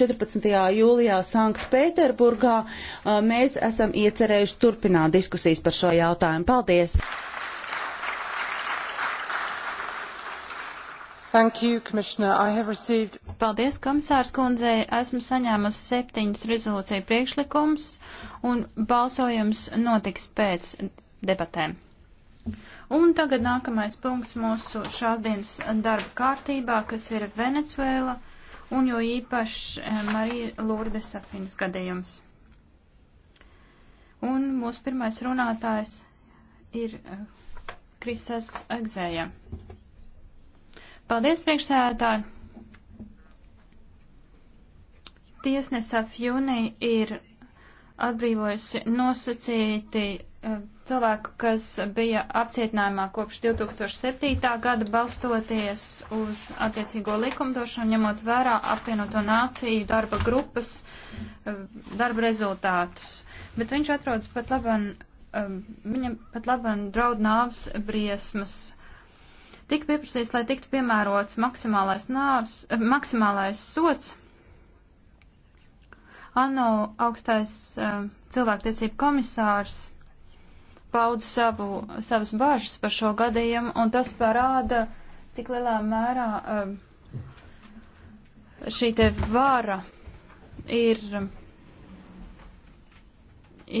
14. jūlijā Sanktpēterburgā. Mēs esam iecerējuši turpināt diskusijas par šo jautājumu. Paldies! Thank you, received... Paldies, komisārs kundzei. Esmu saņēmusi septiņus rezolūciju priekšlikumus un balsojums notiks pēc debatēm. Un tagad nākamais punkts mūsu šās dienas darba kārtībā, kas ir Venecuēla un jo īpaši eh, Marija Lurdes Safinas gadījums. Un mūsu pirmais runātājs ir eh, Krisas Agzēja. Paldies, priekšsēdētāji! Tiesnesa Fjūnī ir atbrīvojusi nosacīti eh, cilvēku, kas bija apcietinājumā kopš 2007. gada, balstoties uz attiecīgo likumdošanu, ņemot vērā apvienoto nāciju darba grupas eh, darba rezultātus. Bet viņš atrodas pat labam, eh, viņam pat labam draud nāvs briesmas. Tik pieprasīts, lai tiktu piemērots maksimālais nāvs, maksimālais sots ANO augstais uh, cilvēktiesību komisārs pauda savu, savas bažas par šo gadījumu, un tas parāda, cik lielā mērā uh, šī te vara ir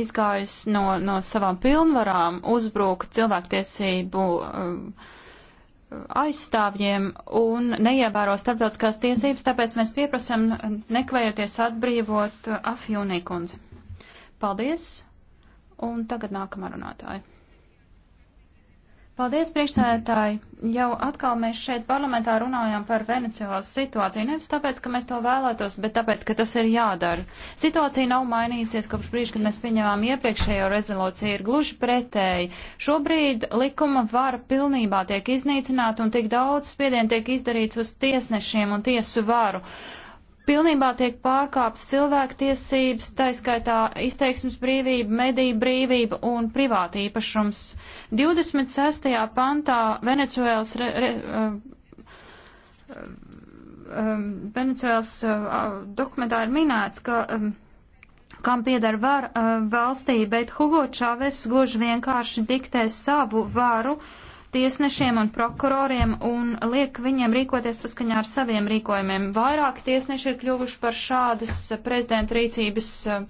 izgājusi no, no savām pilnvarām, uzbruka cilvēktiesību. Uh, aizstāvjiem un neievēro starptautiskās tiesības, tāpēc mēs pieprasam nekvējoties atbrīvot Afjūnī kundzi. Paldies! Un tagad nākamā runātāja. Paldies, priekšsēdētāji! Jau atkal mēs šeit parlamentā runājām par Venecijālas situāciju. Nevis tāpēc, ka mēs to vēlētos, bet tāpēc, ka tas ir jādara. Situācija nav mainījusies kopš brīža, kad mēs pieņēmām iepriekšējo rezolūciju. Ir gluži pretēji. Šobrīd likuma vara pilnībā tiek iznīcināta un tik daudz spiedienu tiek izdarīts uz tiesnešiem un tiesu varu. Uh, pilnībā tiek pārkāptas cilvēktiesības, taiskaitā izteiksmes brīvība, mediju brīvība un privāta īpašums. 26. pantā Venecuēlas, re, re, um, um, Venecuēlas uh, uh, dokumentā ir minēts, ka um, kam pieder var uh, valstī, bet Hugo Čāves gluži vienkārši diktē savu varu uh, tiesnešiem un prokuroriem un liek viņiem rīkoties saskaņā ar saviem rīkojumiem. Vairāki tiesneši ir kļuvuši par šādas prezidenta rīcības eh,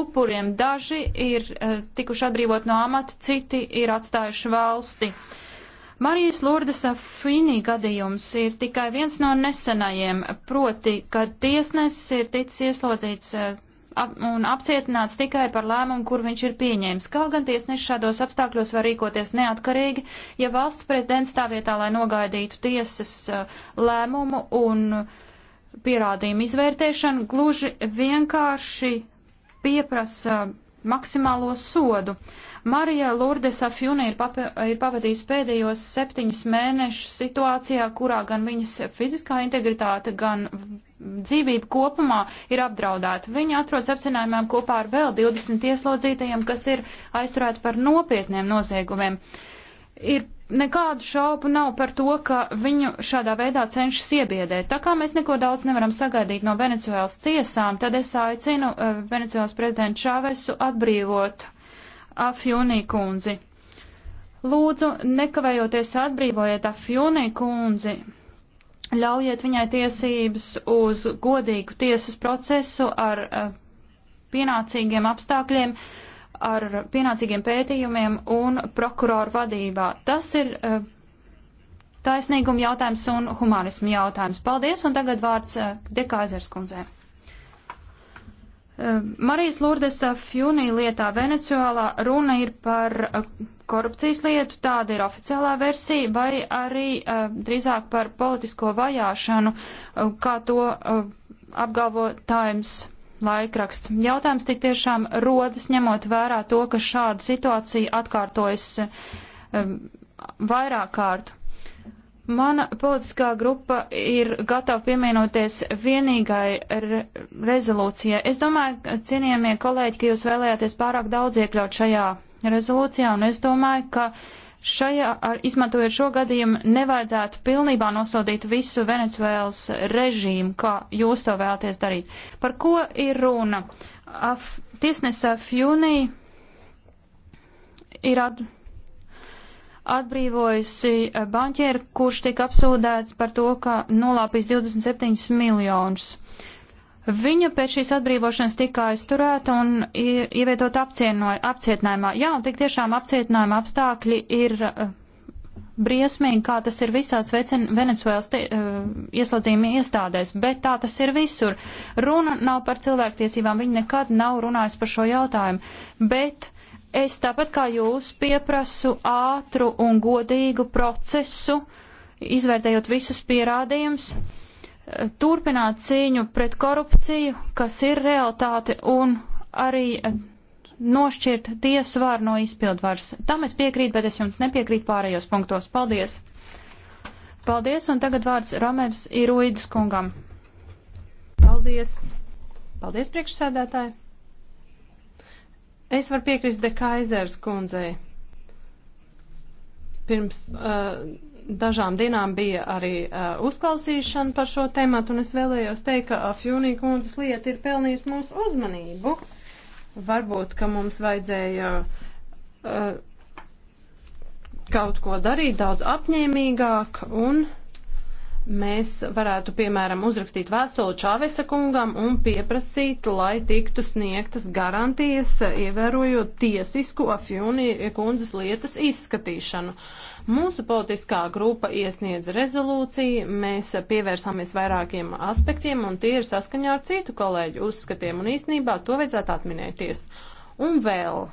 upuriem. Daži ir eh, tikuši atbrīvot no amata, citi ir atstājuši valsti. Marijas Lurdes Fini gadījums ir tikai viens no nesenajiem, proti, kad tiesnesis ir ticis ieslodzīts eh, ap, un apcietināts tikai par lēmumu, kur viņš ir pieņēmis. Kaut gan tiesneši šādos apstākļos var rīkoties neatkarīgi, ja valsts prezidents tā vietā, lai nogaidītu tiesas uh, lēmumu un pierādījumu izvērtēšanu, gluži vienkārši pieprasa maksimālo sodu. Marija Lourdes Afjuna ir, ir pavadījusi pēdējos septiņus mēnešus situācijā, kurā gan viņas fiziskā integritāte, gan dzīvība kopumā ir apdraudēta. Viņa atrodas apcinājumā kopā ar vēl 20 ieslodzītajiem, kas ir aizturēti par nopietniem noziegumiem. Ir nekādu šaubu nav par to, ka viņu šādā veidā cenšas iebiedēt. Tā kā mēs neko daudz nevaram sagaidīt no Venecuēlas tiesām, tad es aicinu uh, Venecuēlas prezidentu Šāvesu atbrīvot Afjūnī kundzi. Lūdzu, nekavējoties atbrīvojiet Afjūnī kundzi, ļaujiet viņai tiesības uz godīgu tiesas procesu ar uh, pienācīgiem apstākļiem. Uh, ar pienācīgiem pētījumiem un prokuroru vadībā. Tas ir uh, taisnīguma jautājums un humanismu jautājums. Paldies, un tagad vārds uh, eh, Dekāzers kundzē. Uh, eh, Marijas Lurdes Fjunī lietā Venecijolā runa ir par korupcijas lietu, tāda ir oficiālā versija, vai arī drīzāk par politisko vajāšanu, kā to apgalvo Times laikraksts. Jautājums tik tiešām rodas, ņemot vērā to, ka šāda situācija atkārtojas um, vairāk kārt. Mana politiskā grupa ir gatava piemienoties vienīgai re rezolūcijai. Es domāju, cienījamie kolēģi, ka jūs vēlējāties pārāk daudz iekļaut šajā rezolūcijā, un es domāju, ka uh, Šajā, ar, izmantojot šo gadījumu, nevajadzētu pilnībā nosodīt visu Venecuēlas režīmu, kā jūs to vēlaties darīt. Par ko ir runa? Af, tiesnesa Fjunī ir at, atbrīvojusi eh, banķieru, kurš tika apsūdēts par to, ka nolāpīs 27 miljonus. Uh, Viņa pēc šīs atbrīvošanas tika aizturēta un ievietot apcietinājumā. Jā, un tik tiešām apcietinājuma apstākļi ir uh, briesmīgi, kā tas ir visās Venecuēlas uh, ieslodzījuma iestādēs, bet tā tas ir visur. Runa nav par cilvēktiesībām, viņi nekad nav runājusi par šo jautājumu, bet es tāpat kā jūs pieprasu ātru un godīgu procesu, izvērtējot visus pierādījumus turpināt cīņu pret korupciju, kas ir realitāte, un arī eh, nošķirt tiesu vāru no izpildvaras. Tam es piekrītu, bet es jums nepiekrītu pārējos punktos. Paldies! Paldies, un tagad vārds Ramēvs Iruidas kungam. Paldies! Paldies, priekšsēdētāji! Es varu piekrist de Kaizers kundzei. Pirms uh, dažām dienām bija arī uh, uzklausīšana par šo tēmatu, un es vēlējos teikt, ka uh, Fjūnī kundzes lieta ir pelnījusi mūsu uzmanību. Varbūt, ka mums vajadzēja uh, kaut ko darīt daudz apņēmīgāk un mēs varētu, piemēram, uzrakstīt vēstuli Čāvesa kungam un pieprasīt, lai tiktu sniegtas garantijas, ievērojot tiesisku afjūni kundzes lietas izskatīšanu. Mūsu politiskā grupa iesniedz rezolūciju, mēs pievērsāmies vairākiem aspektiem, un tie ir saskaņā ar citu kolēģu uzskatiem, un īsnībā to vajadzētu atminēties. Un vēl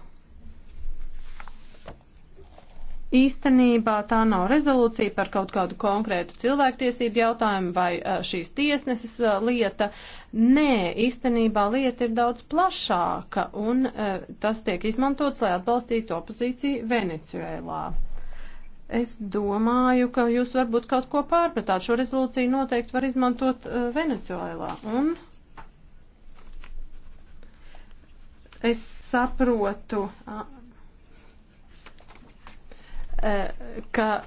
Īstenībā tā nav rezolūcija par kaut kādu konkrētu cilvēktiesību jautājumu vai šīs tiesneses lieta. Nē, īstenībā lieta ir daudz plašāka un tas tiek izmantots, lai atbalstītu opozīciju Venecuēlā. Es domāju, ka jūs varbūt kaut ko pārpratāt. Šo rezolūciju noteikti var izmantot uh, Venecijolā. Un es saprotu uh, ka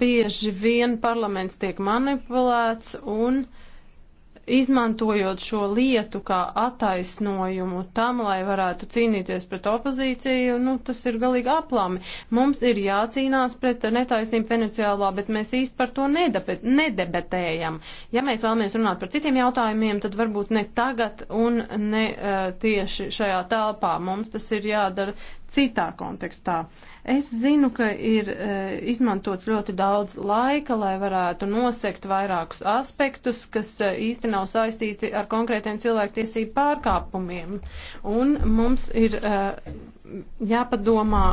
bieži vien parlaments tiek manipulēts un izmantojot šo lietu kā attaisnojumu tam, lai varētu cīnīties pret opozīciju, nu, tas ir galīgi aplami. Mums ir jācīnās pret netaisnību Venecijālā, bet mēs īsti par to nedabet, nedebetējam. Ja mēs vēlamies runāt par citiem jautājumiem, tad varbūt ne tagad un ne uh, tieši šajā telpā. Mums tas ir jādara citā kontekstā. Es zinu, ka ir e, izmantots ļoti daudz laika, lai varētu nosekt vairākus aspektus, kas e, īsti nav saistīti ar konkrētiem cilvēktiesību pārkāpumiem. Un mums ir e, jāpadomā,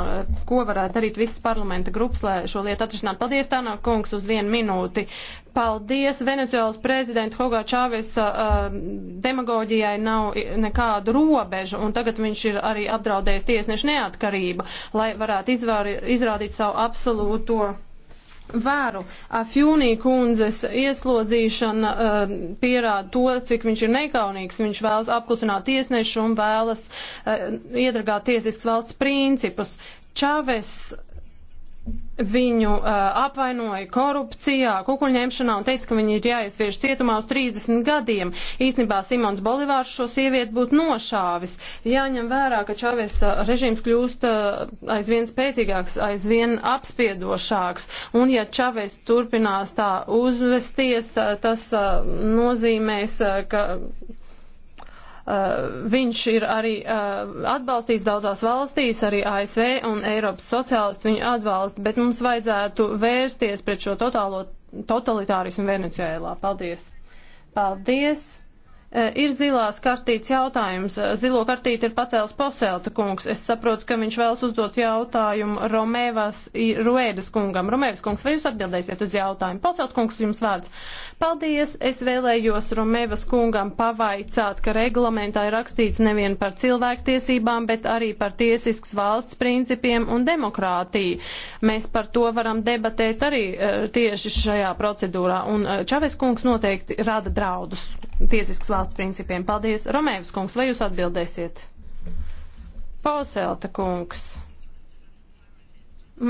ko varētu darīt visas parlamenta grupas, lai šo lietu atrisināt. Paldies, Tānā kungs, uz vienu minūti. Paldies Venecijālas prezidenta Hogā Čāvesa uh, uh, demagoģijai nav nekādu robežu, un tagad viņš ir arī apdraudējis tiesnešu neatkarību, lai varētu izvāri, izrādīt savu absolūto varu. Afjūnī kundzes ieslodzīšana uh, pierāda to, cik viņš ir nekaunīgs. Viņš vēlas apklusināt tiesnešu un vēlas uh, iedragāt tiesisks valsts principus. Čaves Viņu uh, apvainoja korupcijā, kukuļņemšanā un teica, ka viņi ir jāiesviež cietumā uz 30 gadiem. Īsnībā Simons Bolivārs šo sievieti būtu nošāvis. Jāņem vērā, ka Čavies režīms kļūst uh, aizvien spēcīgāks, aizvien apspiedošāks. Un ja Čavies turpinās tā uzvesties, uh, tas uh, nozīmēs, uh, ka Eh, viņš ir arī eh, atbalstījis daudzās valstīs, arī ASV un Eiropas sociālisti viņu atbalsta, bet mums vajadzētu vērsties pret šo totālo totalitārismu Venecijēlā. Paldies! Paldies! E, ir zilās kartītes jautājums. E, zilo kartīti ir pacēlis Poselta kungs. Es saprotu, ka viņš vēlas uzdot jautājumu Romēvas Ruēdas kungam. Romēvas kungs, vai jūs atbildēsiet uz jautājumu? Poselta kungs, jums vārds. Paldies, es vēlējos Romēvas kungam pavaicāt, ka reglamentā ir rakstīts nevien par cilvēktiesībām, bet arī par tiesisks valsts principiem un demokrātiju. Mēs par to varam debatēt arī e, tieši šajā procedūrā, un Čaves kungs noteikti rada draudus tiesisks valsts principiem. Paldies. Romēvs kungs, vai jūs atbildēsiet? Pauselta kungs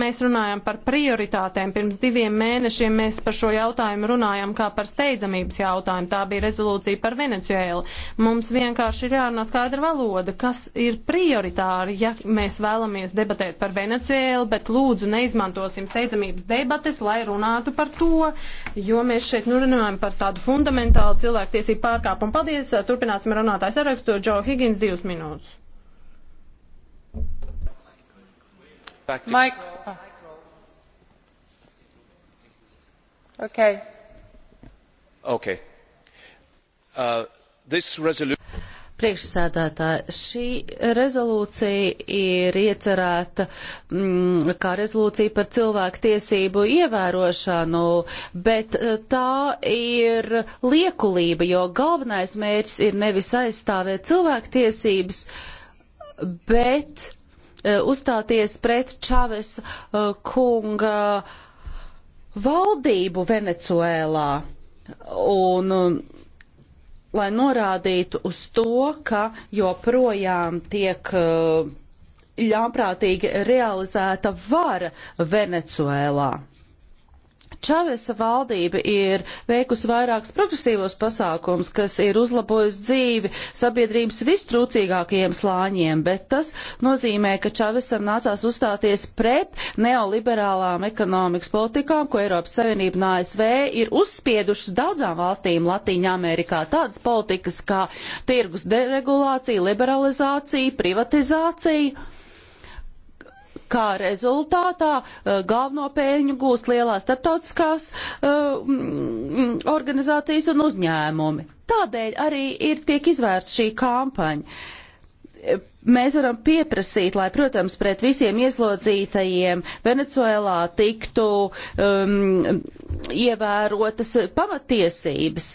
mēs runājam par prioritātēm. Pirms diviem mēnešiem mēs par šo jautājumu runājam kā par steidzamības jautājumu. Tā bija rezolūcija par Venecijēlu. Mums vienkārši ir jārunā skaidra valoda, kas ir prioritāri, ja mēs vēlamies debatēt par Venecijēlu, bet lūdzu neizmantosim steidzamības debates, lai runātu par to, jo mēs šeit nu runājam par tādu fundamentālu cilvēktiesību pārkāpumu. Paldies! Turpināsim runātājs ar rakstu Džo Higgins divas minūtes. Mike. Okay. Okay. Uh, Priekšsēdētāji, šī rezolūcija ir iecerēta mm, kā rezolūcija par cilvēku tiesību ievērošanu, bet uh, tā ir liekulība, jo galvenais mērķis ir nevis aizstāvēt cilvēku tiesības, bet Eh, uzstāties pret Čaves eh, kunga valdību Venecuēlā. Un, eh, lai norādītu uz to, ka joprojām tiek ļāprātīgi realizēta vara Venecuēlā. Čavesa valdība ir veikusi vairākus progresīvos pasākums, kas ir uzlabojis dzīvi sabiedrības vistrūcīgākajiem slāņiem, bet tas nozīmē, ka Čavesam nācās uzstāties pret neoliberālām ekonomikas politikām, ko Eiropas Savienība un ASV ir uzspiedušas daudzām valstīm Latīņā Amerikā. Tādas politikas kā tirgus deregulācija, liberalizācija, privatizācija kā rezultātā eh, galveno pēļņu gūst lielās starptautiskās eh, mm, organizācijas un uzņēmumi. Tādēļ arī ir tiek izvērsta šī kampaņa mēs varam pieprasīt, lai, protams, pret visiem ieslodzītajiem Venecuēlā tiktu um, ievērotas pamatiesības.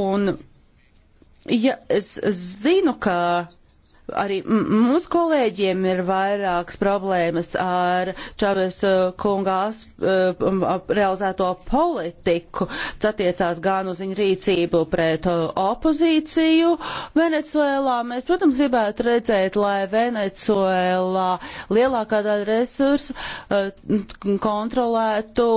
Un, ja es zinu, ka Arī mūsu kolēģiem ir vairākas problēmas ar Čaves uh, kungās uh, realizēto politiku, kas attiecās gan uz viņa rīcību pret uh, opozīciju Venecuēlā. Mēs, protams, gribētu redzēt, lai Venecuēlā lielākā daļa resursu kontrolētu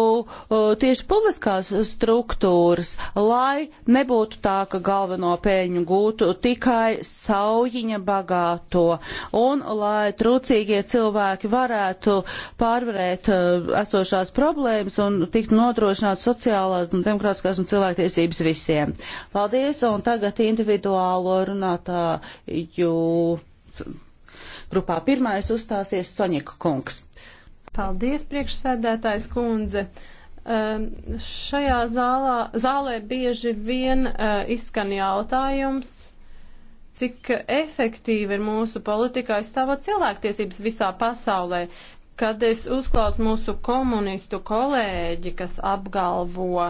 tieši publiskās struktūras, lai nebūtu tā, ka galveno pēļņu gūtu tikai saujiņa bagātība bagāto, un lai trūcīgie cilvēki varētu pārvarēt uh, esošās problēmas un tikt nodrošināt sociālās un demokrātiskās un cilvēktiesības visiem. Paldies, un tagad individuālo runātāju grupā pirmais uzstāsies Soņika kungs. Paldies, priekšsēdētājs kundze. Um, šajā zālā, zālē bieži vien uh, izskan jautājums, cik efektīvi ir mūsu politikā aizstāvot cilvēktiesības visā pasaulē. Kad es uzklausu mūsu komunistu kolēģi, kas apgalvo,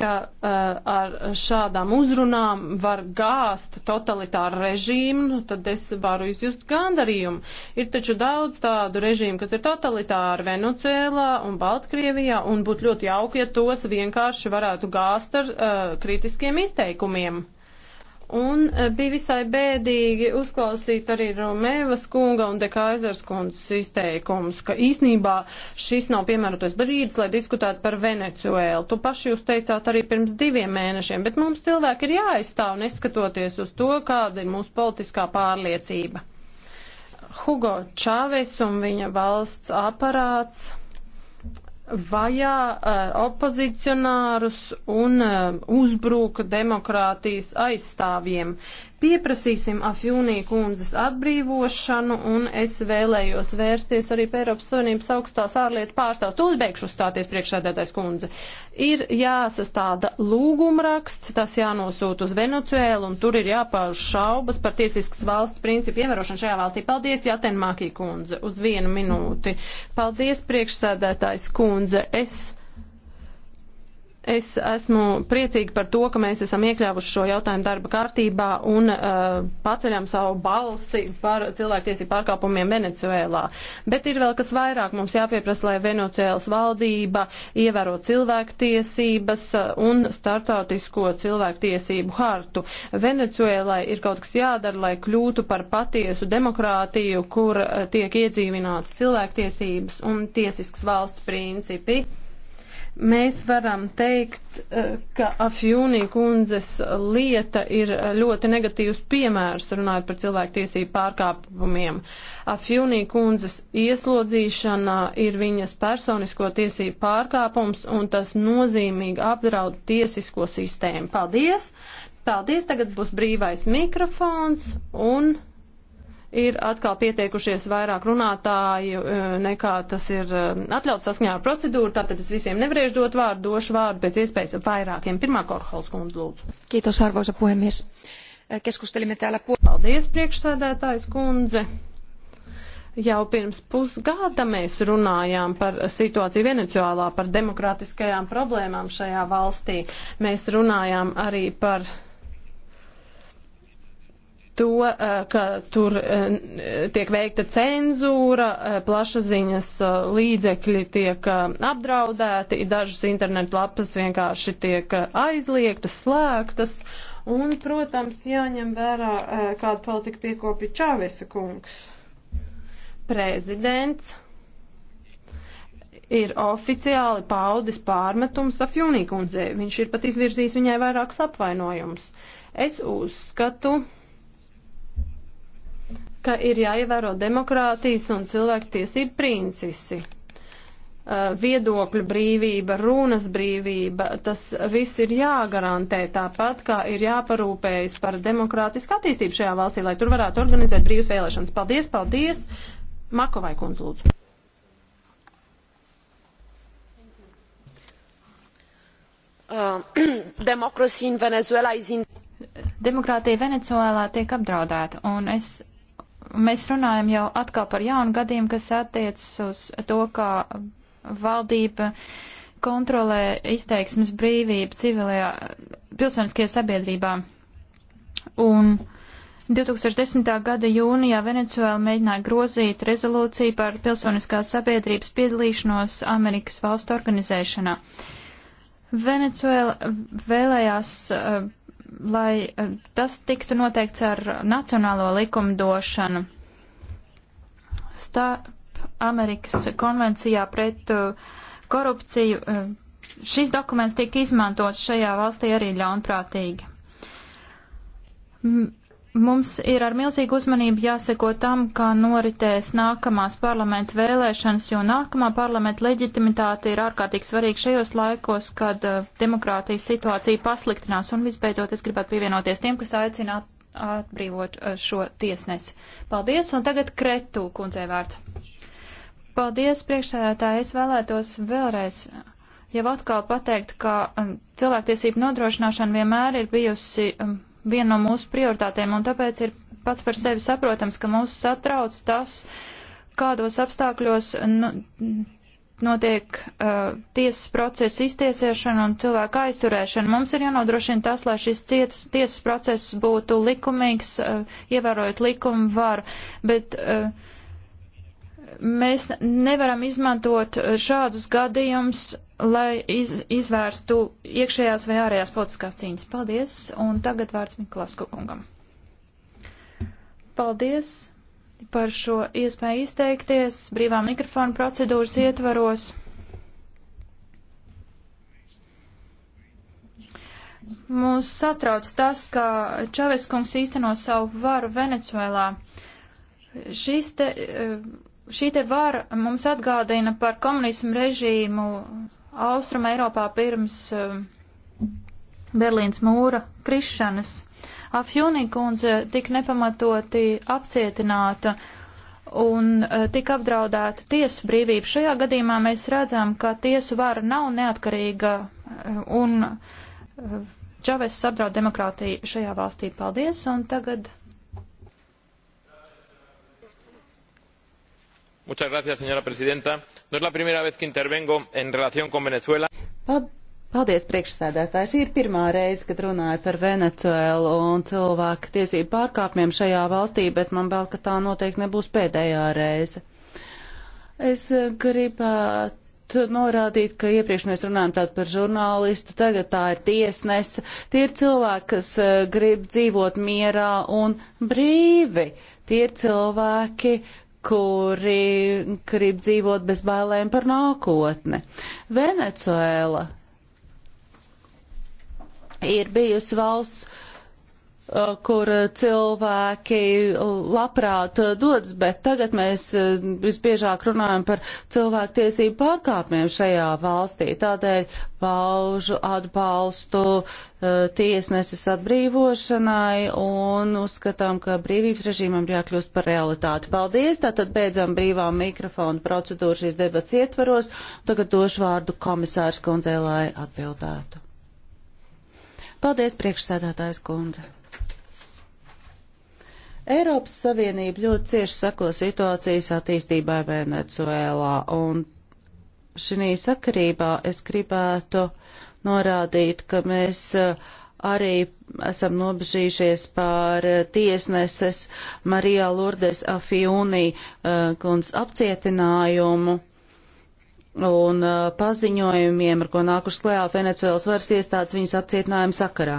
ka uh, ar šādām uzrunām var gāzt totalitāru režīmu, nu, tad es varu izjust gandarījumu. Ir taču daudz tādu režīmu, kas ir totalitāri Venecijā un Baltkrievijā, un būtu ļoti jauki, ja tos vienkārši varētu gāzt ar uh, kritiskiem izteikumiem. Un e, bija visai bēdīgi uzklausīt arī Romēvas kunga un Dekaizers kundas izteikumus, ka īsnībā šis nav piemērotais brīdis, lai diskutētu par Venecuēlu. Tu paši jūs teicāt arī pirms diviem mēnešiem, bet mums cilvēki ir jāaizstāv neskatoties uz to, kāda ir mūsu politiskā pārliecība. Hugo Čāves un viņa valsts aparāts vajā uh, opozicionārus un uh, uzbruka demokrātijas aizstāvjiem. Pieprasīsim Afjūnī kundzes atbrīvošanu, un es vēlējos vērsties arī pie Eiropas Savienības augstās ārlietu pārstāvs. Tūlīt beigšu stāties priekšsēdētājs kundze. Ir jāsastāda lūgumraksts, tas jānosūt uz Venecuēlu, un tur ir jāpauž šaubas par tiesiskas valsts principu ievērošanu šajā valstī. Paldies, Jāten Mākī kundze, uz vienu minūti. Paldies, priekšsēdētājs kundze. Es Es esmu priecīga par to, ka mēs esam iekļāvuši šo jautājumu darba kārtībā un uh, paceļam savu balsi par cilvēktiesību pārkāpumiem Venecuēlā. Bet ir vēl kas vairāk mums jāpieprasa, lai Venecuēlas valdība ievēro cilvēktiesības uh, un startautisko cilvēktiesību hartu. Venecuēlai ir kaut kas jādara, lai kļūtu par patiesu demokrātiju, kur uh, tiek iedzīvināts cilvēktiesības un tiesisks valsts principi. Mēs varam teikt, eh, ka Afjūnī kundzes lieta ir eh, ļoti negatīvs piemērs, runājot par cilvēktiesību pārkāpumiem. Afjūnī kundzes ieslodzīšana ir viņas personisko tiesību pārkāpums, un tas nozīmīgi apdraud tiesisko sistēmu. Paldies! Paldies! Tagad būs brīvais mikrofons un ir atkal pieteikušies vairāk runātāju e, nekā tas ir e, atļauts saskaņā ar procedūru, tātad es visiem nevarēšu dot vārdu, došu vārdu pēc iespējas vairākiem. Pirmā Korholas kundze lūdzu. Kiitos arvoisa puhemies. E, keskustelimme täällä pu... Paldies priekšsēdētājs kundze. Jau pirms pusgada mēs runājām par situāciju Venecijālā, par demokrātiskajām problēmām šajā valstī. Mēs runājām arī par to, eh, ka tur eh, tiek veikta cenzūra, eh, plašaziņas līdzekļi tiek apdraudēti, dažas internetlapas vienkārši tiek aizliegtas, slēgtas. Un, protams, jāņem vērā, kādu politiku piekopja Čāvesa kungs. Prezidents ir oficiāli paudis pārmetums Afjunī kundzei. Viņš ir pat izvirzījis viņai vairākas apvainojumus. Es uzskatu, ka ir jāievēro demokrātijas un cilvēktiesību princisi. Uh, viedokļu brīvība, runas brīvība, tas viss ir jāgarantē tāpat, kā ir jāparūpējas par demokrātisku attīstību šajā valstī, lai tur varētu organizēt brīvas vēlēšanas. Paldies, paldies! Makovai kundz lūdzu. Uh, Demokrātija Venezuelā tiek apdraudēta, un es mēs runājam jau atkal par jaunu gadījumu, kas attiecas uz to, kā valdība kontrolē izteiksmes brīvību civilajā pilsoniskajā sabiedrībā. Un 2010. gada jūnijā Venecuēla mēģināja grozīt rezolūciju par pilsoniskās sabiedrības piedalīšanos Amerikas valstu organizēšanā. Venecuēla vēlējās uh, lai eh, tas tiktu noteikts ar nacionālo likumdošanu. Starp Amerikas konvencijā pret eh, korupciju eh, šis dokuments tiek izmantots šajā valstī arī ļaunprātīgi. Mums ir ar milzīgu uzmanību jāseko tam, kā noritēs nākamās parlamenta vēlēšanas, jo nākamā parlamenta leģitimitāte ir ārkārtīgi svarīga šajos laikos, kad uh, demokrātijas situācija pasliktinās. Un visbeidzot, es gribētu pievienoties tiem, kas aicina atbrīvot uh, šo tiesnesi. Paldies, un tagad Kretu kundzē vārds. Paldies, priekšsēdētāji, es vēlētos vēlreiz jau atkal pateikt, ka um, cilvēktiesību nodrošināšana vienmēr ir bijusi. Um, viena no mūsu prioritātēm, un tāpēc ir pats par sevi saprotams, ka mūs satrauc tas, kādos apstākļos nu, notiek uh, tiesas procesa iztiesiešana un cilvēka aizturēšana. Mums ir jānodrošina tas, lai šis cietas, tiesas process būtu likumīgs, uh, ievērojot likumu varu, bet uh, mēs nevaram izmantot šādus gadījumus lai iz, izvērstu iekšējās vai ārējās politiskās cīņas. Paldies, un tagad vārds Miklāsku kungam. Paldies par šo iespēju izteikties brīvā mikrofona procedūras ietvaros. Mūs satrauc tas, ka Čaves kungs īsteno savu varu Venecuēlā. Šis te, eh, šī te vara mums atgādina par komunismu režīmu Austruma Eiropā pirms uh, Berlīnas mūra krišanas. Afjūnī kundze tika nepamatoti apcietināta un uh, eh, tika apdraudēta tiesu brīvība. Šajā gadījumā mēs redzam, ka tiesu vara nav neatkarīga eh, un Čavess apdraud demokrātiju šajā valstī. Paldies, un tagad señora presidenta no es la primera vez que intervengo en relación con venezuela. Paldies, priekšsēdētāji. Šī ir pirmā reize, kad runāju par Venecuēlu un cilvēku tiesību pārkāpumiem šajā valstī, bet man vēl, ka tā noteikti nebūs pēdējā reize. Es eh, gribētu norādīt, ka iepriekš mēs runājam tādu par žurnālistu, tagad tā ir tiesnese. Tie ir cilvēki, kas eh, grib dzīvot mierā un brīvi. Tie ir cilvēki, kuri grib dzīvot bez bailēm par nākotni. Venecuēla ir bijusi valsts, Uh, kur uh, cilvēki labprāt uh, dodas, bet tagad mēs visbiežāk runājam par cilvēktiesību pārkāpumiem šajā valstī. Tādēļ paužu atbalstu tiesneses atbrīvošanai un uzskatām, ka brīvības režīmam jākļūst par realitāti. Paldies! Tātad beidzam brīvā mikrofona procedūru šīs debats ietvaros. Tagad došu vārdu komisārs kundzei, lai atbildētu. Paldies, priekšsēdētājs kundze! Eiropas Savienība ļoti cieši sako situācijas attīstībai Venecuēlā, un šī sakarībā es gribētu norādīt, ka mēs eh, arī esam nobežījušies pār eh, tiesneses Marijā Lourdes Afiunī eh, kundzes apcietinājumu un uh, paziņojumiem, ar ko nākušas klējā Venecuēlas varas iestādes viņas apcietinājuma sakarā.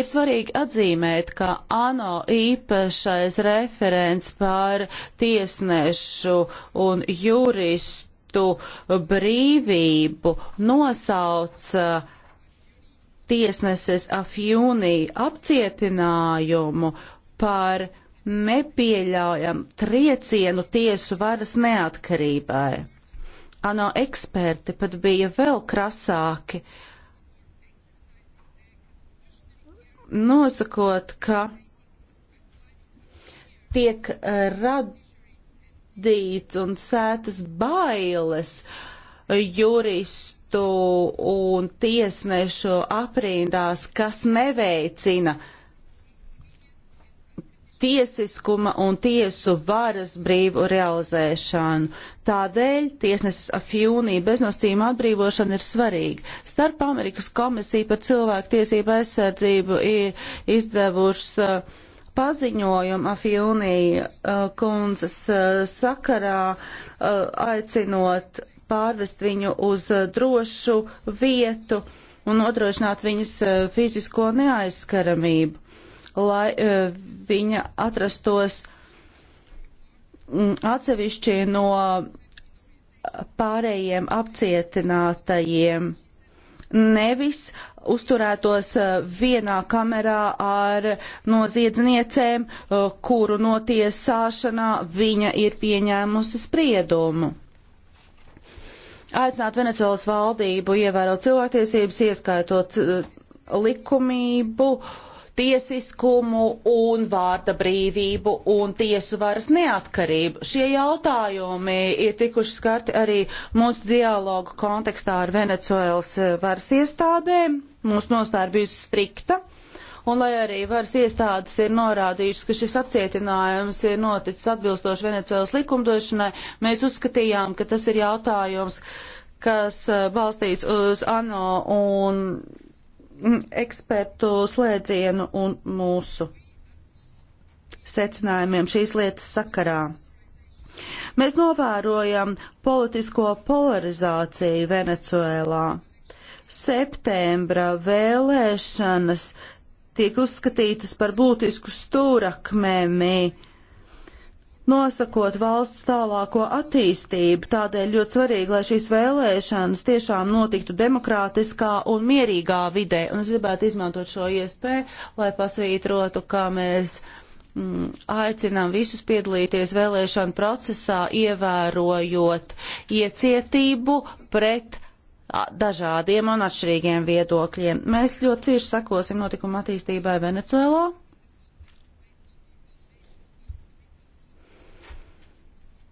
Ir svarīgi atzīmēt, ka ANO īpašais referents par tiesnešu un juristu brīvību nosauca tiesneses afjūnī apcietinājumu par nepieļaujam triecienu tiesu varas neatkarībai. ANO eksperti pat bija vēl krasāki, nosakot, ka tiek eh, radīts un sētas bailes juristu un tiesnešu aprindās, kas neveicina uh, tiesiskuma un tiesu varas brīvu realizēšanu. Tādēļ tiesneses afjūnī beznosacījuma atbrīvošana ir svarīga. Starp Amerikas komisiju par cilvēku tiesību aizsardzību ir izdevušas uh, paziņojumu afjūnī uh, kundzes uh, sakarā, uh, aicinot pārvest viņu uz uh, drošu vietu un nodrošināt viņas uh, fizisko neaizskaramību lai e, viņa atrastos mm, atsevišķi no pārējiem apcietinātajiem. Nevis uzturētos e, vienā kamerā ar noziedzniecēm, e, kuru notiesāšanā viņa ir pieņēmusi spriedumu. Aicināt Venecuēlas valdību ievērot cilvēktiesības, ieskaitot likumību, uh, tiesiskumu un vārda brīvību un tiesu varas neatkarību. Šie jautājumi ir tikuši skarti arī mūsu dialogu kontekstā ar Venecuēlas eh, varas iestādēm. Mūsu nostāja ir bijusi strikta. Un lai arī varas iestādes ir norādījušas, ka šis apcietinājums ir noticis atbilstoši Venecuēlas likumdošanai, mēs uzskatījām, ka tas ir jautājums, kas eh, balstīts uz ANO un Mm, ekspertu slēdzienu un mūsu secinājumiem šīs lietas sakarā. Mēs novērojam politisko polarizāciju Venecuēlā. Septembra vēlēšanas tiek uzskatītas par būtisku stūrakmeni nosakot valsts tālāko attīstību. Tādēļ ļoti svarīgi, lai šīs vēlēšanas tiešām notiktu demokrātiskā un mierīgā vidē. Un es gribētu izmantot šo iespēju, lai pasvītrotu, kā mēs mm, aicinām visus piedalīties vēlēšanu procesā, ievērojot iecietību pret dažādiem un atšķirīgiem viedokļiem. Mēs ļoti cieši sekosim notikuma attīstībai Venecuēlā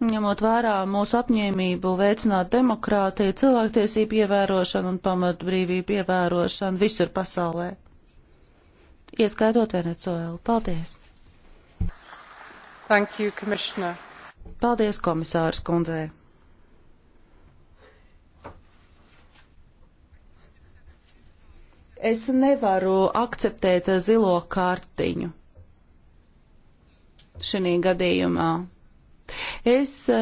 ņemot vērā mūsu apņēmību veicināt demokrātiju, cilvēktiesību ievērošanu un pamatbrīvību ievērošanu visur pasaulē, ieskaitot Venecuēlu. Paldies! Thank you, Commissioner. Paldies, komisārs kundzei! Es nevaru akceptēt zilo kārtiņu šī gadījumā. Es